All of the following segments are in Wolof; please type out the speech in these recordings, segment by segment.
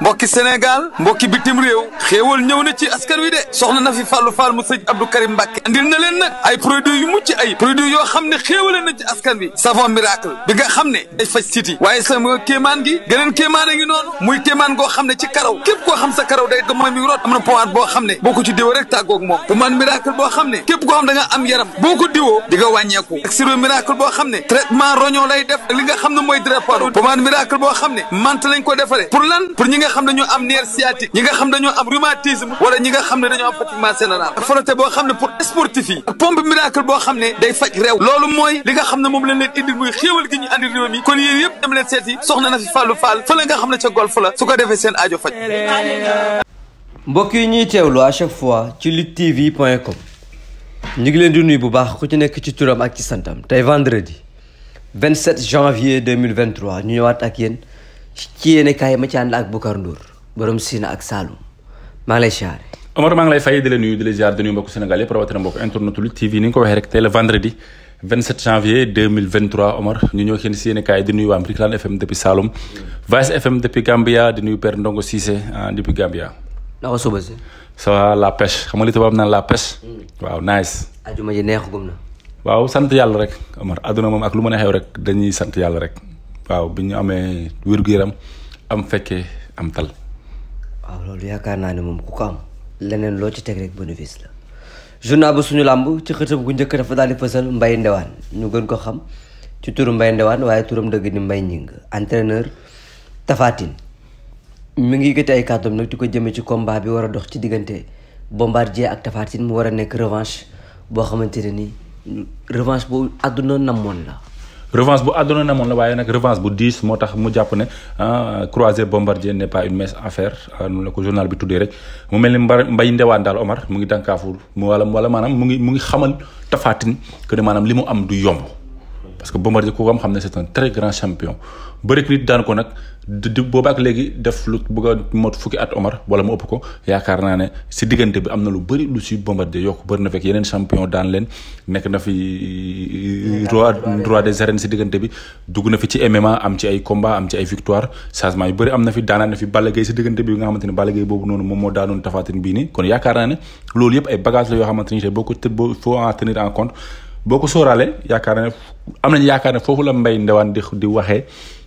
mbokki Sénégal mbokki bitim réew xéewal ñëw na ci askan wi de soxna na fi Fallou Fall mu Karim Mbacke andil leen nag ay produits yu mucc ay produits yoo xam ne xéewale na ci askan wi savon miracle bi nga xam ne day faj siti waaye sama kéemaan gi geneen kéemaan a ngi noonu muy kéemaan goo xam ne ci karaw képp koo xam sa karaw day dama mi rot am xam ne boo ko ci diwoo rek tàggoog moom pommade miracle boo xam ne koo xam da nga am yaram boo ko diwoo di nga wàññeeku ak sirop miracle boo xam ne traitement roñon lay nga xam ne mooy drépano pommade miracle boo nga xam ne ñoo am nerf sciatique ñi nga xam ne dañoo am rhumatisme wala ñi nga xam ne dañoo am fatiguement général ak frotté boo xam ne pour sportif yi ak miracle boo xam ne day faj réew loolu mooy li nga xam ne moom lañ leen indil muy xéewal gi ñu andi réew mi kon yéen yëpp dem leen seeti soxna na fi fàllu fall fa la nga xam ne ca golf la su ko defee seen aajo faj mbokk yi ñuy teewlu à chaque fois ci luttetv.com ñu ngi leen di nuyu bu baax ku ci nekk ci turam ak ci santam tey vendredi 27 janvier 2023 ñu ñëwaat ak yéen ci yéen kaay ma ci ànd ak Boucar Ndour borom Sine ak Saloum maa ngi lay siyaare Omar maa ngi lay fay di la nuyu di la ziar di nuyu mbokku Sénégal yëpp rawatina mbokku internet TV ni nga ko waxee rek tey vendredi janvier Omar ñu ñëw kenn si yéen kaay di nuyu waa Riklaan FM depuis Saloum Vice FM depuis Gambia di nuyu Père Ndongo Cissé ah, depuis Gambia. naka suba si. ça va la pêche xam nga li tubaab naan la pêche. Mm. waaw nice. ajuma ji neexagum na. waaw sant yàlla rek Omar àdduna moom lu mën a xew rek dañuy sant yàlla rek. waaw bi ñu amee wér-gu-yaram am fekkee am tal waaw loolu yaakaar naa ne moom ku ko am leneen loo ci teg rek bénéfice la journal bu suñu làmb ci xëtëb gu njëkk dafa daal di fësal Mbaye Ndewane ñu gën ko xam ci turu Mbaye Ndewane waaye turam dëgg ni Mbaye Ñing entraîneur Tapha Tine ngi yëkkati ay kàddoom nag di ko jëmee ci combat bi war a dox ci diggante Bombardier ak Tapha Tine mu war a nekk revanche boo xamante ne ni revanche boobu àdduna namoon la revanche bu àdduna na moon la waaye nag revanche bu diis moo tax mu jàpp ne ah, croiser bombardier n'est pas une mince affaire ah, noonu la ko journal bi tuddee rek mu mel ni mbay ndewaan daal Omar mu ngi dànkaafu mu wala wala maanaam mu ngi mu ngi xamal tafaatin que ne maanaam li mu am du yomb parce que Bombardier ku ko xam ne c'est un très grand champion bëri nit daan ko nag di booba ak léegi def lu bëgg fukki at Omar wala mu ëpp ko yaakaar naa ne si diggante bi am na lu bëri lu si Bombardier yokk bëri na fekk yeneen champion daan leen nekk na fi roi roi des na fi ci MMA am ci ay combat am ci ay na fi daanaat na fi Balla Gaye si diggante bi nga xamante ne loolu yëpp ay bagage la yoo xamante ni boo ko tëb boo faut en tenir en compte boo ko sóoraale yaakaar na am nañ yaakaar ne foofu la mbay ndewaan di di waxee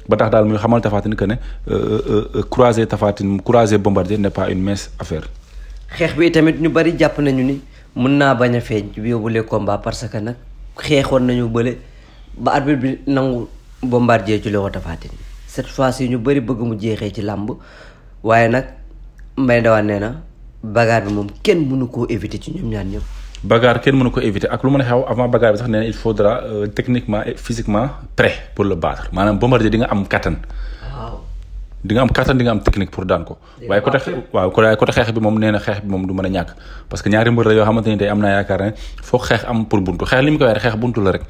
ba tax daal muy xamal Tafatine que ne euh, euh, euh, croiser Tafatine croiser bombardier n'est pas une mince affaire. xeex bi tamit ñu bari jàpp nañu ni mën naa bañ a feeñ bi yóbbule combat parce que nag xeexoon nañu bële ba arbitre bi nangu bombardier ci loxo Tafatine cette fois ci ñu bari bëgg mu jeexee ci làmb waaye nag mbay ndewaan nee na bagaar bi moom kenn mënu koo éviter ci ñu ñaan ñëpp. bagarre kenn mënu ko éviter ak lu mën a xew avant bagarre bi sax nee na il faudra euh, techniquement et physiquement prêt pour le battre maanaam bombardier di nga am kattan. waaw di nga am kattan di nga am technique pour daan ko. waaye côté waaw waaye côté xeex bi moom nee na xeex bi moom du mën a ñàkk. parce que ñaari mbër la yoo xamante ni tey am naa yaakaar ne foog xeex am pour buntu xeex li mu ko xeex buntu la rek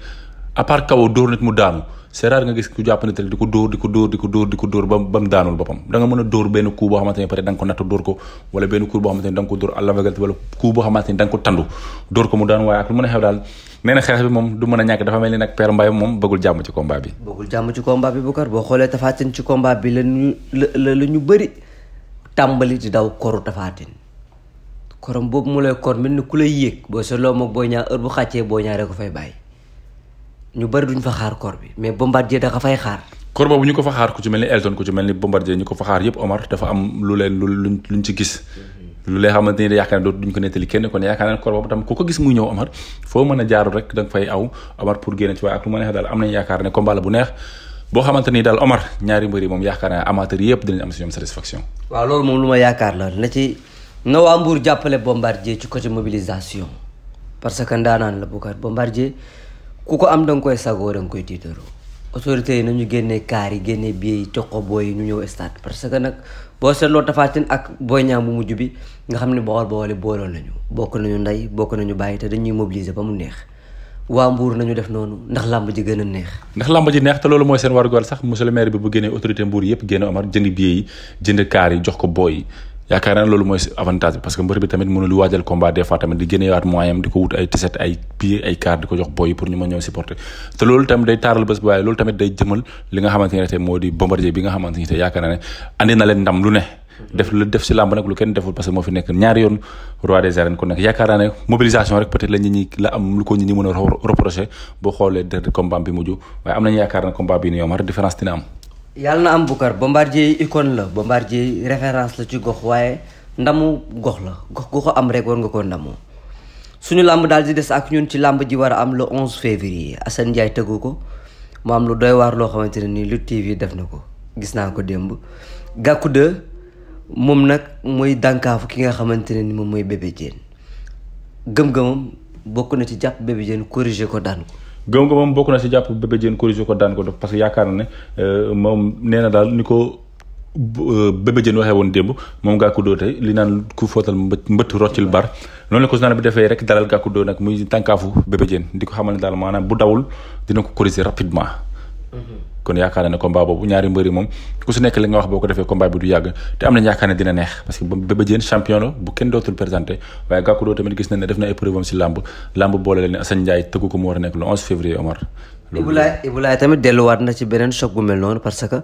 à part kaw dóor nit mu daanu c'est nga gis ku jàpp nit rek di ko dóor di ko dóor di ko dóor di ko dóor ba ba mu daanul boppam da nga mën a dóor benn coup boo xamante ne peut-être da nga ko natt dóor ko wala benn coup a na xeex bi moom du mën a ñàkk dafa mel ni nag Père Mbaye moom bëggul jàmm ci la di daw koru Tapha Tine korom boobu mu lay kor mel ni ku lay yéeg boo seetloo moog boo ñaa heure bu xàccee boo ñaa rek ko fay bàyyi ñu bari duñ fa xaar koor bi mais bombardier da ka fay xaar. koor boobu ñu ko fa xaar ku ci mel ni Elton ku ci mel ni bombardier ñu ko fa xaar yëpp Omar dafa am lu leen lu luñ ci gis. lu leen xamante ni yaakaar naa duñ ko nettali kenn kon yaakaar naa koor boobu tam ku ko gis muy ñëw Omar foo mën a jaarul rek da nga fay aw Omar pour génn ci waaye ak lu ma neex daal am nañ yaakaar ne combat la bu neex. boo xamante ni daal Omar ñaari mbër yi moom yaakaar naa amateur yëpp dinañ am si ñoom satisfaction. waaw loolu moom lu ma yaakaar la na ci na waa Mbour jàppale Bombardier ci côté mobilisation parce que ndaanaan la Boucar Bombardier ku ko am danga koy sagoo danga koy tiitaroo autorité yi nañu génnee kaar yi génnee billets yi jox ko booy yi ñu ñëw stade parce que nag boo seetloo Tapha Tine ak Boy ñaam bu mujj bi nga xam ne Bawol Bawol booloon nañu bokk nañu ndey bokk nañu bàyyi te dañuy mobiliser ba mu neex waa Mbour nañu def noonu ndax làmb ji gën a neex ndax làmb ji neex te loolu mooy seen warugar sax monsieur le maire bi bu génnee autorité Mbour yëpp génne Omar jënd billets yi jënd kaar yi jox ko booy yi yaakaar naa loolu mooy avantage bi parce que mbër bi tamit mënul waajal combat des tamit di génneewaat moyen di ko wut ay tiset ay pied ay car di ko jox boy pour ñu mën ñëw supporter te loolu tamit day taaral bés bi waaye loolu tamit day jëmal li nga xamante ne te moo di bombardier bi nga xamante ne te yaakaar naa ne andi na leen ndam lu ne def lu def si làmb nag lu kenn deful parce que moo fi nekk ñaari yoon roi des arènes ku nekk yaakaar mobilisation rek a yàlla na am Boucar Bombardier icône la Bombardier référence la ci gox waaye ndamu gox la gox goxo am rek war nga ko ndamoo suñu làmb daal di des ak ñun ci làmb ji war a am le 11 février Assane Ndiaye tëggu ko mu am lu doy waar loo xamante ne nii lu TV def na ko gis naa ko démb Gàkku 2 moom nag mooy dànkaafu ki nga xamante ne ni moom mooy Bébé Diène gëm-gëmam bokk na ci jàpp Bébé Diène corriger ko daan ko gëm nga moom bokk na si jàpp Bébé Diène ko daan ko def parce que yaakaar na ne euh, moom nee na daal ni ko euh, Bébé Diène waxee woon démb moom gaa Dóor tey li naan ku fóotal mbët mbët roccil bar noonu la ko journal bi defee rek dalal Gackou Dóor nag muy tànkaafu Bébé Diène di ko xamal ne daal maanaam bu dawul dina ko corriger rapidement mm-hmm. kon yaakaar na ne combat boobu ñaari mbëri moom ku si nekk li nga wax boo ko defee combat bi du yàgg te am nañ yaakaar ne dina neex parce que Bébé Diène bu kenn dootul présenté waaye Gàkku Doo tamit gis nañ ne def na ay preuve am si làmb làmb boole leen Assane Ndiaye tëggu ko mu a nekk le 11 février Omar na ci beneen choc bu mel noonu parce que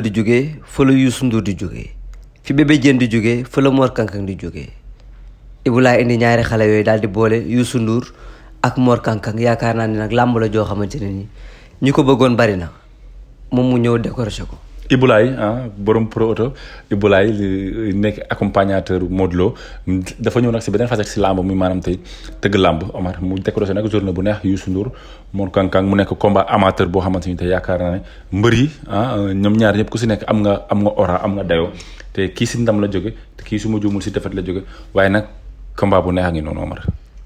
di jógee fa la Youssou Ndour di jógee fi Bébé Diène di jógee fa la Mor Kankang di jógee Ibulaay indi ñaari xale yooyu daal di boole Youssou Ndour ak Mor Kankang yaakaar naa ne nag làmb la joo xamante ne nii ñi ko bëggoon bari na moom mu ñëw décroché ko. Ibulaay ah borom pro auto Ibulaay nekk accompagnateur Modou Lo dafa ñëw nag si beneen facette si làmb muy maanaam tey tëgg làmb Omar mu décroché nag journée bu neex yu Ndour Mor Kang Kang mu nekk combat amateur boo xamante ni te yaakaar naa ne mbër yi ah ñoom ñaar ñëpp ku si nekk am nga am nga aura am nga dayoo te kii si ndam la jóge te kii su ma juumul si defet la jóge waaye nag combat bu neex a ngi noonu Omar.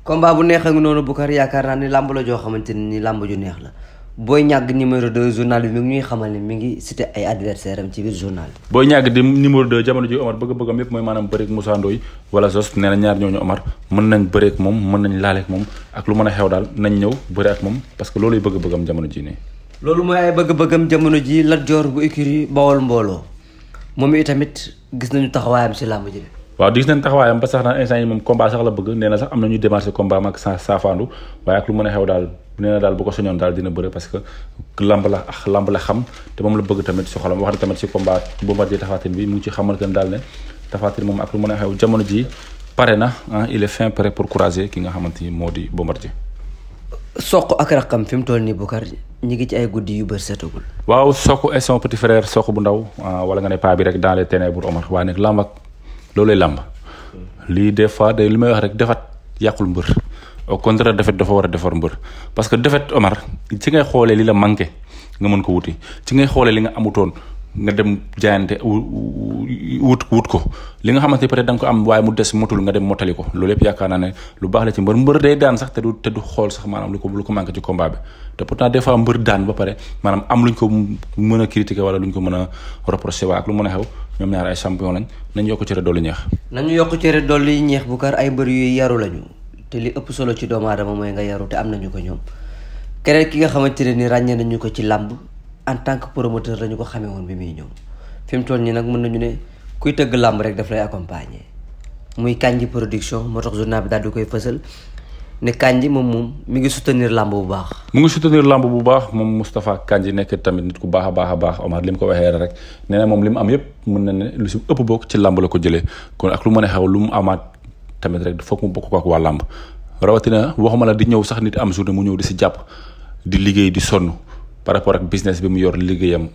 combat bu neex a ngi noonu Boucar yaakaar naa ni làmb joo xamante ni làmb ju neex la. booy ñàgg numéro 2 journal bi mi ngi ñuy xamal ne mi ngi cité ay adversaire am ci biir journal bi Boy Niang di numéro 2 jamono ji Omar bëgg bëggam yépp mooy maanaam bëreek Moussa Ndoye wala Zos nee na ñaar ñooñu Omar mën moom mën nañ laaleek moom ak lu mën a xew daal nañ ñëw bëri ak moom parce que looluy bëgg bëggam jamono ji nii loolu mooy ay bëgg jamono ji Lat Dior bu écurie Bawol mbooloo moom itamit gis nañu taxawaayam si làmb ji waaw di gis nañ taxawaayam ba sax na instant yi moom na sax am nañu démarché ak lu mën a xew daal bu nee daal bu ko soñoon daal dina bëre parce que lamb la la xam te moom la bëgg tamit si xolam wax na tamit si combat Bombardier Tapha Tine bi mu ci xamal ne daal ne Tapha Tine moom a xew jamono ji pare na ah il pour courager ki nga xamante ni moo di Bombardier soq ak raqam fi mu toll nii bu Boucar ñu ngi ci ay guddi yu bëri setagul. waaw soq et son petit frère soq bu ndaw wala nga ne paa bi rek dans les bu Omar waaye nag lamb ak loolay lamb lii des fois day li may wax rek defat yàqul mbër. au contraire défaite dafa war a defar mbër parce que défaite Omar ci ngay xoolee li la manqué nga mën ko wuti ci ngay xoolee li nga amutoon nga dem jaayante wut wut ko li nga xamante peut-être da nga ko am waaye mu des motul dem motali ko loolu yëpp yaakaar naa ne lu baax la ci mbër mbër day daan sax te du te du xool sax maanaam lu ko lu ko manqué ci combat bi te pourtant des fois mbër daan ba pare maanaam am luñ ko mën a critiquer wala luñ ko mën a reprocher waa ak lu mën a xew ñoom ñaar ay champion lañ nañ yokk cere dolli ñeex. nañu yokk cere bu kar ay mbër yooyu yaru lañu. te li ëpp solo ci doomu aadama mooy nga yaru te am nañu ko ñoom keneen ki nga xamante ne ni ràññee nañu ko ci làmb en tant que promoteur lañu ko xamee woon bi muy ñëw fi mu toll nii nag mën nañu ne kuy tëgg làmb rek daf lay accompagner muy Kandji production moo tax journal bi daal di koy fësal ne Kandji moom moom mu ngi soutenir làmb bu baax. mu ngi soutenir làmb bu baax moom Moustapha Kandji nekk tamit nit ku baax a baax a baax Omar li mu ko waxee rek n moom li am yëpp mën na lu si ëpp bokk ci làmb la ko jëlee kon ak lu a xew lu mu amaat. tamit rek foog mu bokk ko ak waa làmb rawatina waxuma la di ñëw sax nit am journée mu ñëw di si jàpp di liggéey di sonn par rapport ak business bi mu yor liggéeyam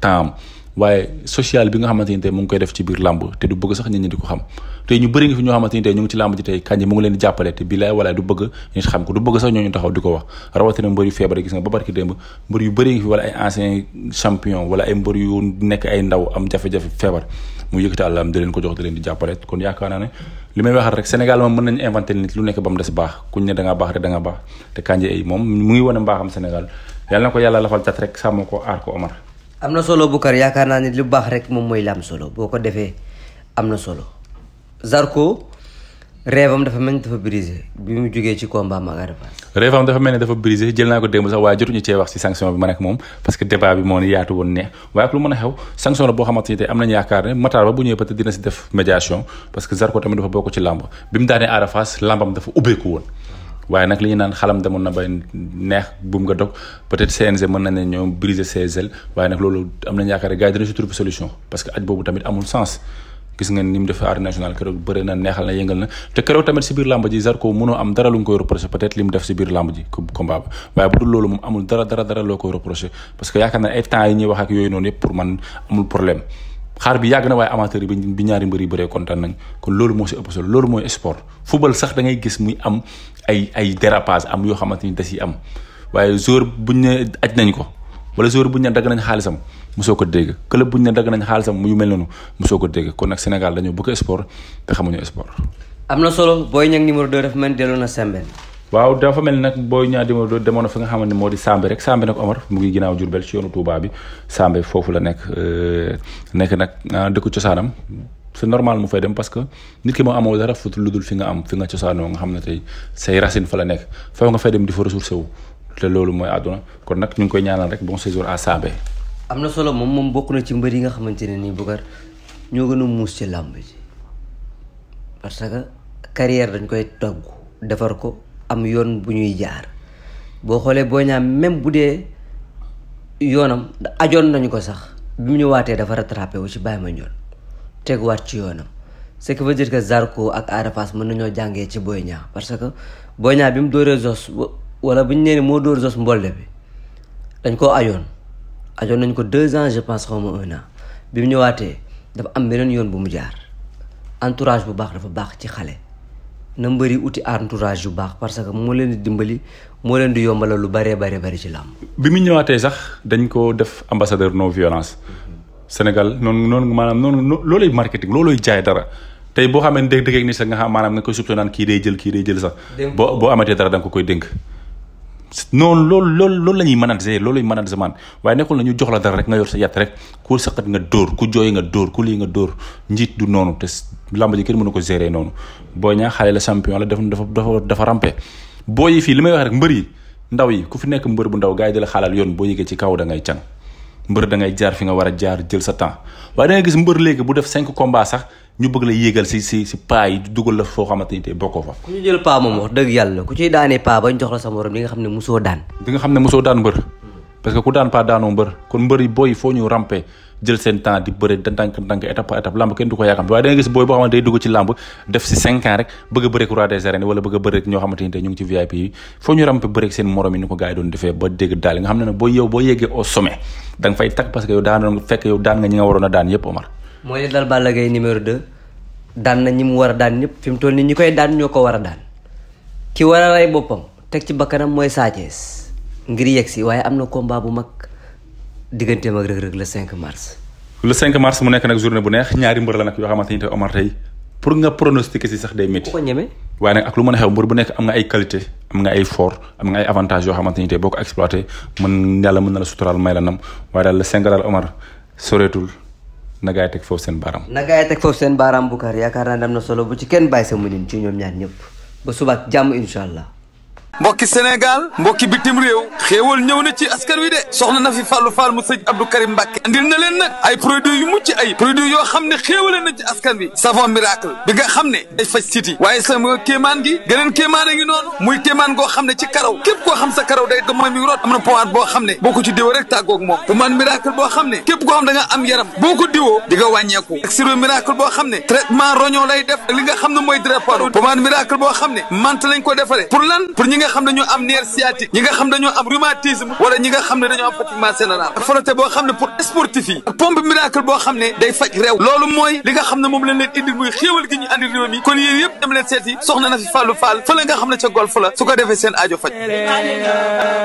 temps waaye social bi nga xamante ni mu ngi koy def ci biir làmb te du bëgg sax di ko xam tey ñu bëri ngi fi ñoo xamante ni tey ñu ngi ci làmb ji ngi leen di jàppale te bilaay walaay du bëgg nit xam ko di ko wax rawatina mbër yu feebar gis nga ba barki démb mbër yu bëri ngi fi wala ay ancien champion wala ay mbër yu nekk ay ndaw am jafe-jafe feebar mu yëkkati àllam di leen ko jox di leen di jàppale li may waxal rek Sénégal moom mën nañu inventé nit lu nekk ba mu des baax kuñ ne da baax rek da baax te Kandji ay moom mu ngi wane mbaaxam Sénégal yàlla na ko yàlla lafal tat rek sàmm ko aar ko Omar. am na solo Boucar yaakaar naa ne lu baax rek moom mooy la solo boo ko defee am na solo Zarko rêvam dafa mel ni dafa brisé bi mu jógee ci combat ak Ada Fass. rêvam dafa mel ni dafa brisé jël naa ko démb sax waaye jotuñu cee wax si sanction bi man ak moom parce que débat bi moo yaatu a xew mu daanee Ada dafa ubbeeku woon. waaye nag li ñu naan xalam demoon na bay neex buum nga dog peut-être mën na ne ñoom briser ses ailes waaye nag loolu am nañu yaakaar ne gars dina si trouver solution parce que aj boobu tamit amul sens gis ngeen ni mu defee arène nationale keroog bëri na neexal na yëngal na te keroog tamit si biir làmb ji Zarko mënoo am dara lu nga waaye bu dul loolu moom amul dara dara dara loo koy reproché parce que yaakaar naa ay temps yi ñuy wax yooyu noonu yëpp pour man amul problème xaar bi yàgg na waaye amateur bi ñaari mbër bëree kontaan nañ kon loolu moo si ëpp solo loolu mooy sport football sax da gis muy am ay ay dérapage am yoo xamante ni da si am waaye joueur buñ ne aj mosoo ko dégg club bu ñu ne dagg nañ xaalisam yu mel noonu mosoo ko dégg kon nag Sénégal dañoo bëgg sport te xamuñu sport. am na solo booy Niang numéro 2 dafa mel ni delloo na Sembène. waaw dafa mel ni nag Boy Niang numéro demoon fi nga xamante ne moo di Sambe rek Sambe nag Omar mu ngi ginnaaw Diourbel ci yoonu Touba bi Sambe foofu la nekk euh, nekk nag ah, dëkku cosaanam. c'est normal mu fay dem parce que nit ki moo amoo dara fut lu dul fi nga am fi nga cosaanoo nga xam ne tey say racine fa la nekk faw nga fay dem di fa ressourcé wu te loolu mooy àdduna kon nag ñu ngi koy ñaanal rek bon séjour à Sabé am na solo moom moom bokk na ci mbër yi nga xamante ne nii Boucar ñoo gën a muus ci làmb ji parce que carrière dañ koy togg defar ko am yoon bu ñuy jaar boo xoolee boo ñaam même bu dee yoonam ajoon nañu ko sax bi mu ñëwaatee dafa rattrapé wu ci bàyyi ma ñoon teguwaat ci yoonam ce qui veut dire que Zarko ak Ada Fass mën nañoo jàngee ci Boy Niang parce que Boy ñaar bi mu dóoree Zos wala bu ñu nee moo dóor Zos mbolle bi dañ koo ajoon ajoon nañ ko deux ans je pense xaw ma un an bi mu ñëwaatee dafa am beneen yoon bu mu jaar entourage bu baax dafa baax ci xale na mbëri uti entourage yu baax parce que moo leen di dimbali moo leen di yombalal lu baree bare bari ci làmb bi mu ñëwaatee sax dañ ko def ambassadeur non violence Sénégal noonu noonu maanaam noonu loolay marketing loolu jaay dara tey boo xamee dëgg-dëgg ni sax nga xam maanaam nga koy soupçon naan kii day jël kii day jël sax boo boo amatee dara da ko koy dénk noonu loolu loolu loolu la ñuy manager loolu la ñuy manager man waaye nekkul na ñu jox la dara rek nga yor sa yat rek ku saqat nga dóor ku jooy nga dóor ku lii nga dóor njiit du noonu te làmb ji kenn mënu ko gérer noonu boo ñaa xale la champion la dafa dafa dafa rampe boo yi fii li may wax rek mbër yi ndaw yi ku fi nekk mbër bu ndaw gars yi di la xaalal yoon boo yëgee ci kaw da ngay can mbër da ngay jaar fi nga war a jaar jël sa temps waaye da gis mbër léegi bu def cinq combats sax ñu bëgg la yéegal si si si paa yi dugal la foo xamante ni bokkoo fa ku ñu jël paa moom wax yàlla ku ciy daanee paa ne musoo daan nga xam ne musoo daan mbër parce que ku daan paa daanoo mbër kon mbër yi booy foo ñu a bëreek ba nga xam ne ne boo yow boo yeggee au sommet fay tag parce que yow daan fekk yow daan nga ñi a daan yëpp Omar mooy li dal Balla Gaye numéro 2 daan na ñi mu war a daan ñëpp fi mu toll nii ñi koy daan ñoo ko war a daan ki war a rey boppam teg ci bakkanam mooy Sa Thiès ngir yegg si waaye am na combat bu mag digganteem ak Reug Reug le 5 mars. le 5 mars mu nekk nag journée bu neex ñaari mbër la nag yoo xamante ni tey Omar tey pour nga pronostiquer si sax day métti. ko ñeme. waaye nag ak lu mën a xew mbër bu nekk am nga ay qualité am nga ay fort am nga ay avantages yoo xamante ni tey boo ko exploité mën mën na la suturaal may la nam waaye daal le 5 daal soreetul. na gaa yi teg foofu seen baaraam. na gaa yi teg foofu seen baaraam Boucar yaakaar naa dem na solo bu ci kenn bàyyi sa mënin ci ñoom ñaar ñëpp ba subaat jàmm incha mbokki Sénégal mbokki bitim réew xéewal ñëw na ci askan wi de soxna na fi Fallou mu sëñ Abdou Karim Mbacke andil na leen nag ay produits yu mucc ay produits yoo xam ne xéewale na ci askan wi savon miracle bi xam ne day faj siti waaye sama kéemaan gi geneen kéemaan a ngi noonu muy kéemaan goo xam ne ci karaw képp koo xam sa karaw day dama mi root am na pommade boo xam ne boo ko ci diwoo rek tàggoog moom pommade miracle boo xam ne traitement roñon nga xam dañoo am nerf sciatique ñi nga xam dañoo am rhumatisme wala ñi nga xam ne dañoo am fatiguement général ak frotté boo xam ne pour sportif yi pompe miracle boo xam ne day faj réew loolu mooy li nga xam ne moom lañ leen indil muy xéewal gi ñu andi réew mi kon yéen yëpp dem leen seeti soxna na fi fàllu faal fële nga xam ne ca golf la su ko defee seen aajo faj